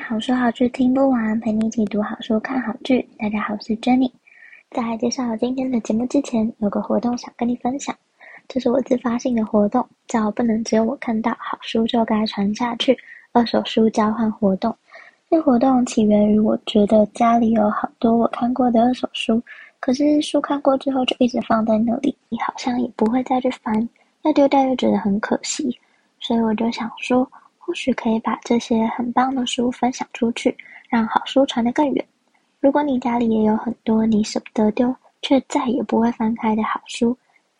好書好劇聽不完，陪你一起讀好書、看好劇。大家好，我是 Jenny。在介紹我今天的節目之前，有個活動想跟你分享，這是我自發性的活動，叫“不能只有我看到好書就該傳下去”二手書交換活動。這活動起源於我覺得家裡有好多我看過的二手書，可是書看過之後就一直放在那裡，你好像也不會再去翻，要丟掉又覺得很可惜，所以我就想說。或許可以把這些很棒的書分享出去，讓好書傳得更遠。如果你家裡也有很多你捨不得丟，卻再也不會翻開的好書，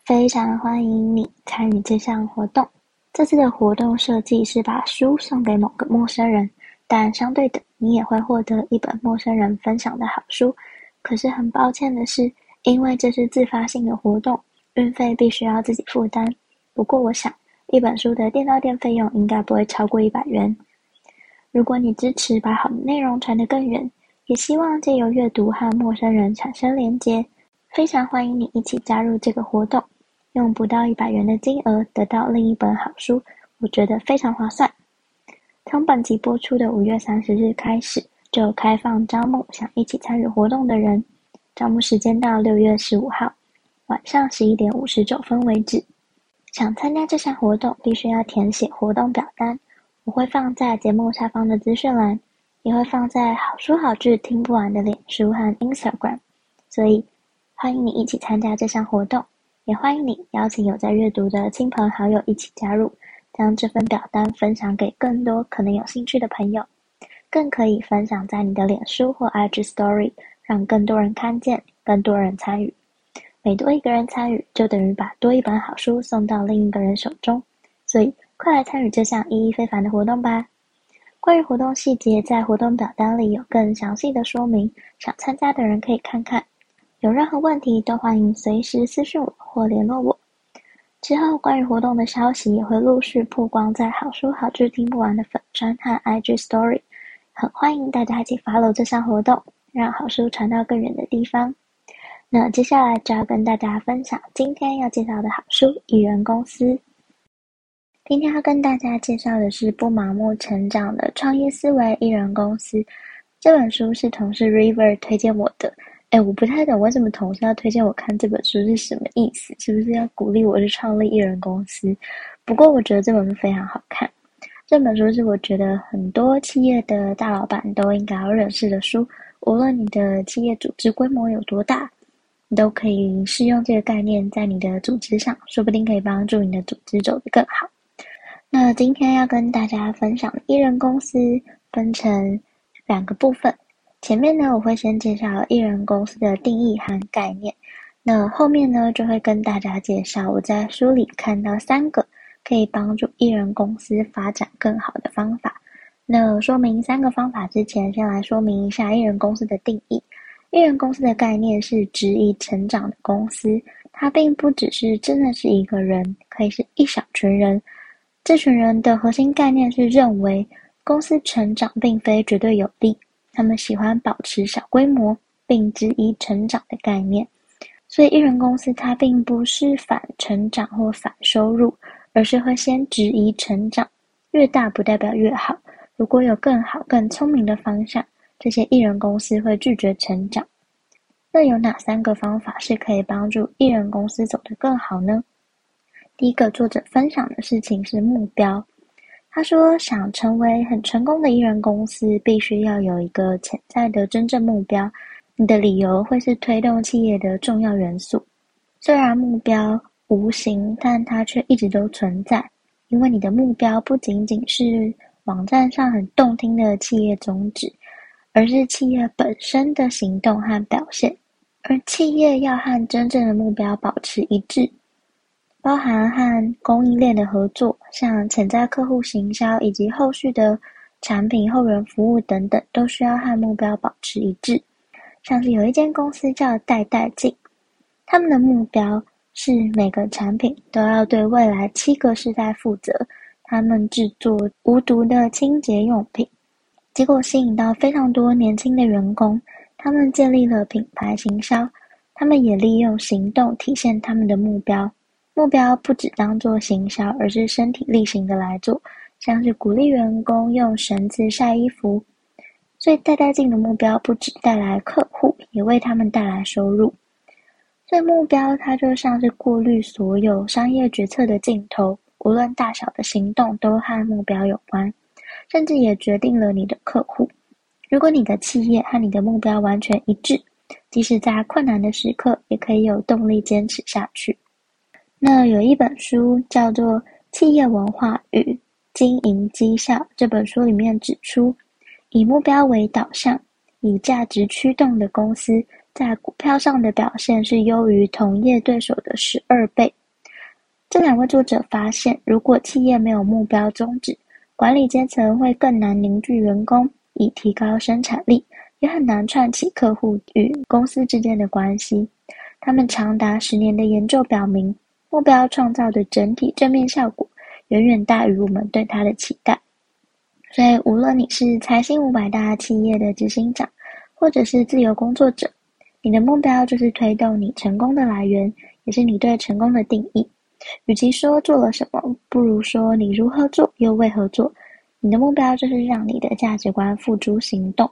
非常歡迎你參與這項活動。這次的活動設計是把書送給某個陌生人，但相對的，你也會獲得一本陌生人分享的好書。可是很抱歉的是，因為這是自發性的活動，運費必須要自己負擔。不過我想。一本書的店到店費用應該不會超過一百元。如果你支持把好的內容傳得更遠，也希望借由閱讀和陌生人產生連接，非常歡迎你一起加入這個活動。用不到一百元的金額得到另一本好書，我覺得非常划算。從本集播出的五月三十日開始就開放招募想一起參與活動的人，招募時間到六月十五號晚上十一點五十九分為止。想參加這項活動，必須要填寫活動表單，我會放在節目下方的資訊欄，也會放在好書好劇聽不完的臉書和 Instagram。所以，歡迎你一起參加這項活動，也歡迎你邀請有在閱讀的親朋好友一起加入，將這份表單分享給更多可能有興趣的朋友，更可以分享在你的臉書或 IG Story，讓更多人看見，更多人參與。每多一個人參與，就等於把多一本好書送到另一個人手中。所以，快來參與這項意義非凡的活動吧！關於活動細節，在活動表單裡有更詳細的說明，想參加的人可以看看。有任何問題，都歡迎隨時私信我或聯絡我。之後，關於活動的消息也會陸續曝光在好書好劇聽不完的粉專和 IG Story。很歡迎大家一起 follow 這項活動，讓好書傳到更遠的地方。那接下來就要跟大家分享今天要介紹的好書《一人公司》。今天要跟大家介紹的是不盲目成長的創業思維《一人公司》，這本書是同事 River 推薦我的。哎，我不太懂為什麼同事要推薦我看這本書是什麼意思？是不是要鼓勵我去創立一人公司？不過我覺得這本書非常好看。這本書是我覺得很多企業的大老板都應該要認識的書，無論你的企業組織規模有多大。都可以試用這個概念在你的組織上，說不定可以幫助你的組織走得更好。那今天要跟大家分享的一人公司分成兩個部分，前面呢，我會先介紹一人公司的定義和概念，那後面呢，就會跟大家介紹我在書裡看到三個可以幫助一人公司發展更好的方法。那說明三個方法之前，先來說明一下一人公司的定義。一人公司的概念是質疑成長的公司，它並不只是真的是一個人，可以是一小群人。這群人的核心概念是認為公司成長並非絕對有利，他們喜歡保持小規模，並質疑成長的概念。所以，一人公司它並不是反成長或反收入，而是會先質疑成長，越大不代表越好，如果有更好、更聰明的方向。這些一人公司會拒絕成長。那有哪三個方法是可以幫助一人公司走得更好呢？第一個作者分享的事情是目標。他說：“想成為很成功的一人公司，必須要有一個潛在的真正目標。你的理由會是推動企業的重要元素。雖然目標無形，但它卻一直都存在，因為你的目標不僅僅是網站上很動聽的企業宗旨。”而是企業本身的行動和表現，而企業要和真正的目標保持一致，包含和供應鏈的合作、像潛在客戶行銷以及後續的產品後援服務等等，都需要和目標保持一致。像是有一間公司叫戴戴進，他們的目標是每個產品都要對未來七個世代負責，他們製作無毒的清潔用品。結果吸引到非常多年輕的員工，他們建立了品牌行銷，他們也利用行動體現他們的目標。目標不只當做行銷，而是身體力行的來做，像是鼓勵員工用繩子曬衣服。最帶勁的目標不只帶來客戶，也為他們帶來收入。所以目標它就像是過濾所有商業決策的鏡頭，無論大小的行動都和目標有關。甚至也決定了你的客戶。如果你的企業和你的目標完全一致，即使在困難的時刻，也可以有動力堅持下去。那有一本書叫做《企業文化與經營績效》，這本書裡面指出，以目標為導向、以價值驅動的公司在股票上的表現是優於同業對手的十二倍。這兩位作者發現，如果企業沒有目標宗旨，管理階層會更難凝聚員工以提高生產力，也很難串起客戶與公司之間的關係。他們長達十年的研究表明，目標創造的整體正面效果遠遠大於我們對它的期待。所以，無論你是財星五百大企業的執行長，或者是自由工作者，你的目標就是推動你成功的來源，也是你對成功的定義。與其說做了什麼，不如說你如何做，又為何做。你的目標就是讓你的價值觀付諸行動。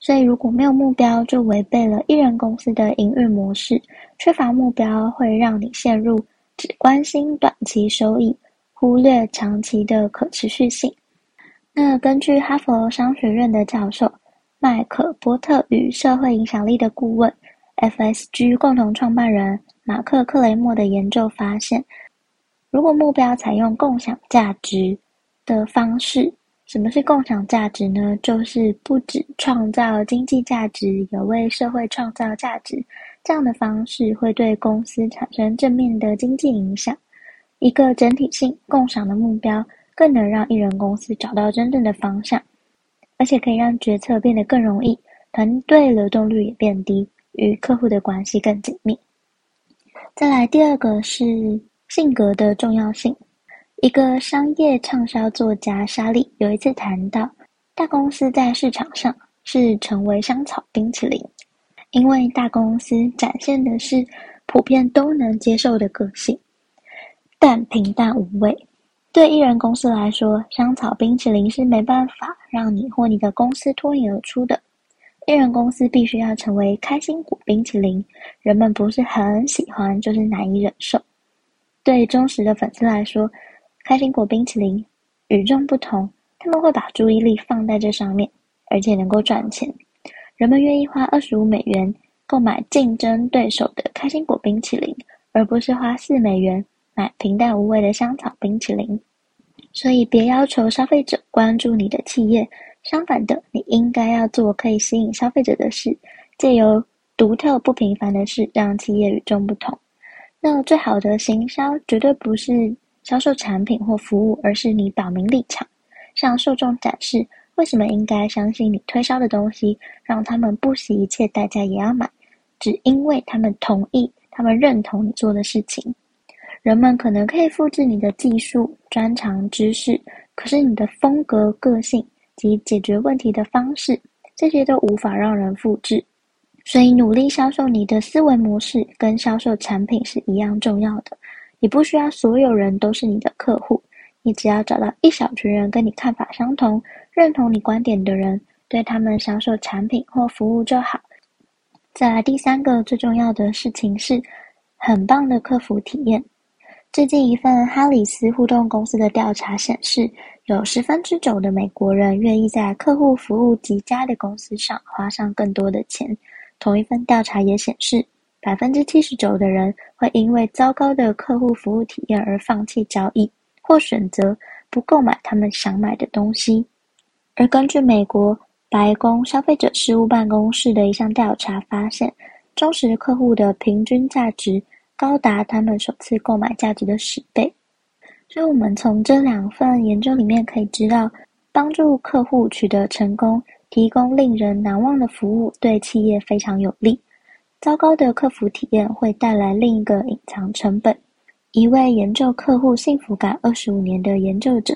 所以，如果沒有目標，就違背了一人公司的營運模式。缺乏目標會讓你陷入只關心短期收益，忽略長期的可持續性。那根據哈佛商學院的教授麥可波特與社會影響力的顧問 FSG 共同創辦人，馬克·克雷默的研究發現，如果目標採用共享價值的方式，什麼是共享價值呢？就是不止創造經濟價值，也為社會創造價值。這樣的方式會對公司產生正面的經濟影響。一個整體性共享的目標，更能讓一人公司找到真正的方向，而且可以讓決策變得更容易，團隊流動率也變低，與客戶的關係更緊密。再來第二個是性格的重要性。一個商業暢銷作家莎莉有一次談到，大公司在市場上是成為香草冰淇淋，因為大公司展現的是普遍都能接受的個性，但平淡無味。對一人公司來說，香草冰淇淋是沒辦法讓你或你的公司脫穎而出的。一人公司必須要成為開心果冰淇淋。人們不是很喜歡，就是難以忍受。對忠實的粉絲來說，開心果冰淇淋與眾不同。他們會把注意力放在這上面，而且能夠賺錢。人們願意花二十五美元購買競爭對手的開心果冰淇淋，而不是花四美元買平淡無味的香草冰淇淋。所以，別要求消費者關注你的企業。相反的，你應該要做可以吸引消費者的事，借由獨特不平凡的事，讓企業與眾不同。那最好的行銷絕對不是銷售產品或服務，而是你表明立場，向受眾展示為什麼應該相信你推銷的東西，讓他們不惜一切代價也要買，只因為他們同意，他們認同你做的事情。人們可能可以複製你的技術、專長、知識，可是你的風格、個性。及解決問題的方式，這些都無法讓人複製。所以，努力銷售你的思維模式跟銷售產品是一樣重要的。你不需要所有人都是你的客戶，你只要找到一小群人跟你看法相同、認同你觀點的人，對他們銷售產品或服務就好。再來，第三個最重要的事情是很棒的客服體驗。最近一份哈里斯互動公司的調查顯示。有十分之九的美國人願意在客戶服務極佳的公司上花上更多的錢。同一份調查也顯示，百分之七十九的人會因為糟糕的客戶服務體驗而放棄交易，或選擇不購買他們想買的東西。而根據美國白宮消費者事務辦公室的一項調查發現，忠實客戶的平均價值高達他們首次購買價值的十倍。所以我們從這兩份研究裡面可以知道，幫助客戶取得成功，提供令人難忘的服務，對企業非常有利。糟糕的客服體驗會帶來另一個隱藏成本。一位研究客戶幸福感二十五年的研究者，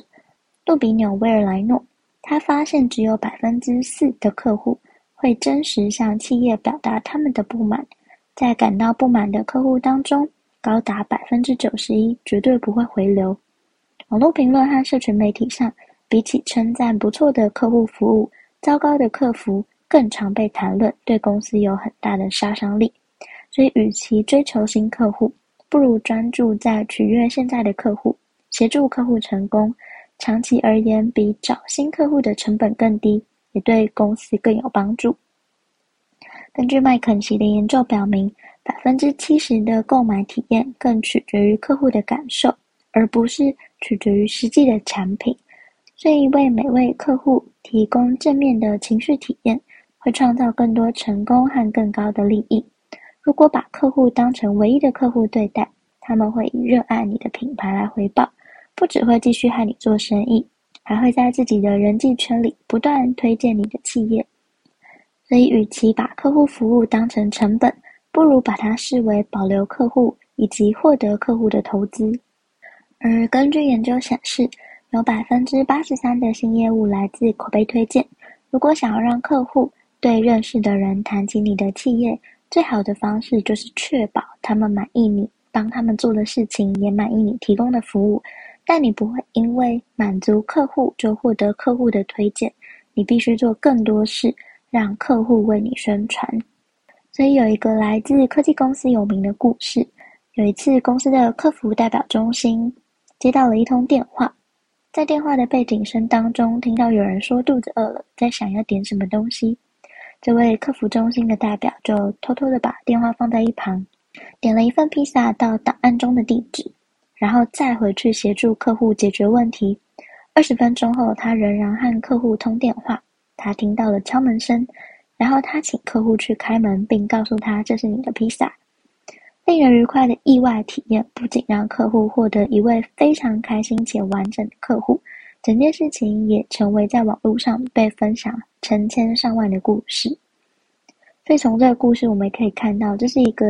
杜比紐·威爾萊諾，他發現只有百分之四的客戶會真實向企業表達他們的不滿。在感到不滿的客戶當中，高達百分之九十一絕對不會回流。網絡評論和社群媒體上，比起稱讚不錯的客戶服務，糟糕的客服更常被談論，對公司有很大的殺傷力。所以，與其追求新客戶，不如專注在取悅現在的客戶，協助客戶成功。長期而言，比找新客戶的成本更低，也對公司更有幫助。根據麥肯錫的研究表明，百分之七十的購買體驗更取決於客戶的感受。而不是取決於實際的產品，願意為每位客戶提供正面的情緒體驗，會創造更多成功和更高的利益。如果把客戶當成唯一的客戶對待，他們會以熱愛你的品牌來回報，不只會繼續和你做生意，還會在自己的人際圈裡不斷推薦你的企業。所以，與其把客戶服務當成成本，不如把它視為保留客戶以及獲得客戶的投資。而根據研究顯示，有百分之八十三的新業務來自口碑推薦。如果想要讓客戶對認識的人談起你的企業，最好的方式就是確保他們滿意你幫他們做的事情，也滿意你提供的服務。但你不會因為滿足客戶就獲得客戶的推薦，你必須做更多事，讓客戶為你宣傳。所以有一個來自科技公司有名的故事：有一次，公司的客服代表中心。接到了一通電話，在電話的背景聲當中，聽到有人說肚子餓了，在想要點什麼東西。這位客服中心的代表就偷偷地把電話放在一旁，點了一份披薩到檔案中的地址，然後再回去協助客戶解決問題。二十分鐘後，他仍然和客戶通電話，他聽到了敲門聲，然後他請客戶去開門，並告訴他這是你的披薩。令人愉快的意外體驗，不僅讓客戶獲得一位非常開心且完整的客戶，整件事情也成為在網絡上被分享成千上萬的故事。所以從這個故事我們也可以看到，這是一個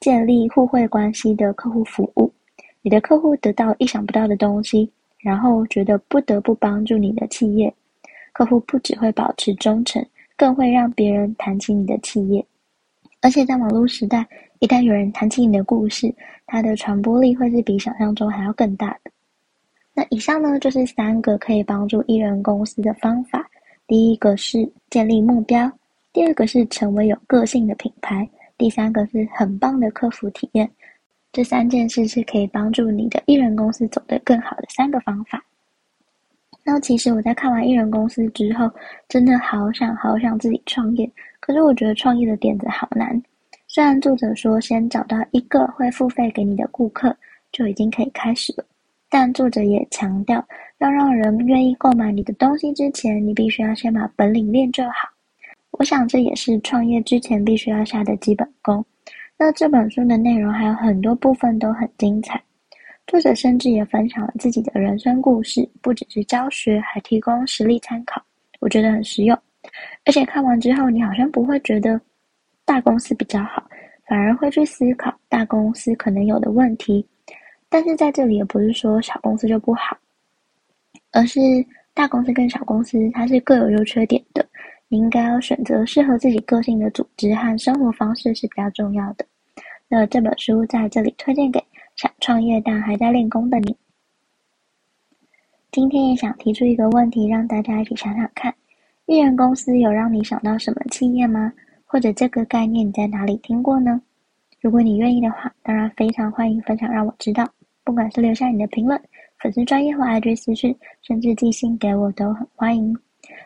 建立互惠關係的客戶服務。你的客戶得到意想不到的東西，然後覺得不得不幫助你的企業。客戶不只會保持忠誠，更會讓別人談起你的企業。而且在網絡時代，一旦有人談起你的故事，它的傳播力會是比想象中還要更大的。那以上呢，就是三個可以幫助一人公司的方法：第一個是建立目標，第二個是成為有個性的品牌，第三個是很棒的客服體驗。這三件事是可以幫助你的一人公司走得更好的三個方法。那其實我在看完一人公司之後，真的好想好想自己創業，可是我覺得創業的點子好難。但作者說，先找到一個會付費給你的顧客就已經可以開始了。但作者也強調，要讓人願意購買你的東西之前，你必須要先把本領練就好。我想這也是創業之前必須要下的基本功。那這本書的內容還有很多部分都很精彩，作者甚至也分享了自己的人生故事，不只是教學，還提供實例參考，我覺得很實用。而且看完之後，你好像不會覺得大公司比較好，反而會去思考大公司可能有的問題。但是在這裡也不是說小公司就不好，而是大公司跟小公司它是各有優缺點的，你應該要選擇適合自己個性的組織和生活方式是比較重要的。那這本書在這裡推薦給想創業但還在練功的你。今天也想提出一個問題，讓大家一起想想看：一人公司有讓你想到什麼企業嗎？或者這個概念你在哪裡聽過呢？如果你願意的話，當然非常歡迎分享，讓我知道。不管是留下你的評論、粉絲專頁或 IG 私訊，甚至寄信給我都很歡迎。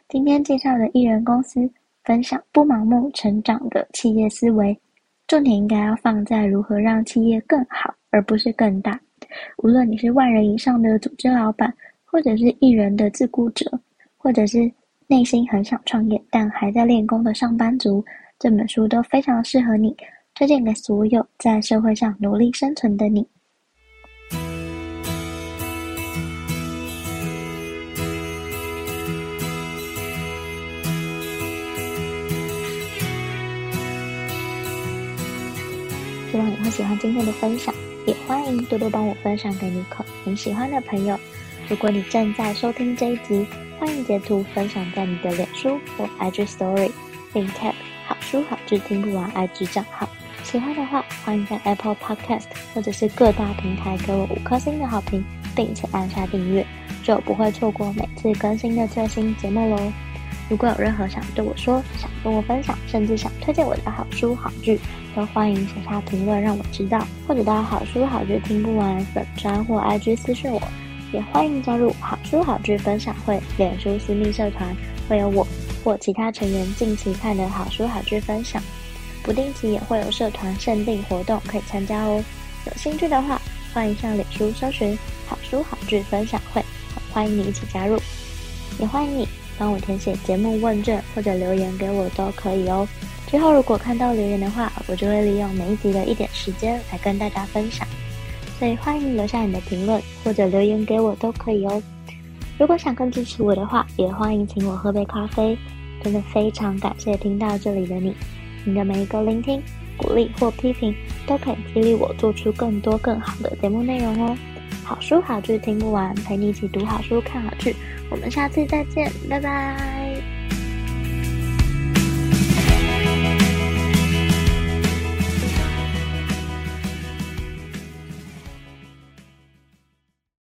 今天介紹的一人公司分享不盲目成長的企業思維，重點應該要放在如何讓企業更好，而不是更大。無論你是萬人以上的組織老板，或者是一人的自雇者，或者是內心很想創業但還在練功的上班族。這本書都非常適合你，推薦給所有在社會上努力生存的你。希望你會喜歡今天的分享，也歡迎多多幫我分享給你可很喜歡的朋友。如果你正在收聽這一集，歡迎截圖分享在你的臉書或 IG Story，並 Tap。是聽不完 IG 賬號，喜歡的話歡迎在 Apple Podcast 或者是各大平台給我五顆星的好評，並且按下訂閱，就不會錯過每次更新的最新節目嘍。如果有任何想對我說、想跟我分享，甚至想推薦我的好書好劇，都歡迎寫下評論讓我知道，或者到好書好劇聽不完粉專或 IG 私訊我。也歡迎加入好書好劇分享會臉書私密社團，會有我。或其他成員近期看的好書好劇分享，不定期也會有社團限定活動可以參加哦。有興趣的話，歡迎上臉書搜尋“好書好劇分享會”，歡迎你一起加入。也歡迎你幫我填寫節目問卷或者留言給我都可以哦。之後如果看到留言的話，我就會利用每一集的一點時間來跟大家分享，所以歡迎留下你的評論或者留言給我都可以哦。如果想更支持我的話，也歡迎請我喝杯咖啡。真的非常感謝聽到這裡的你，你的每一個聆聽、鼓勵或批評，都可以激勵我做出更多更好的節目內容哦。好書好劇聽不完，陪你一起讀好書、看好劇，我們下次再見，拜拜。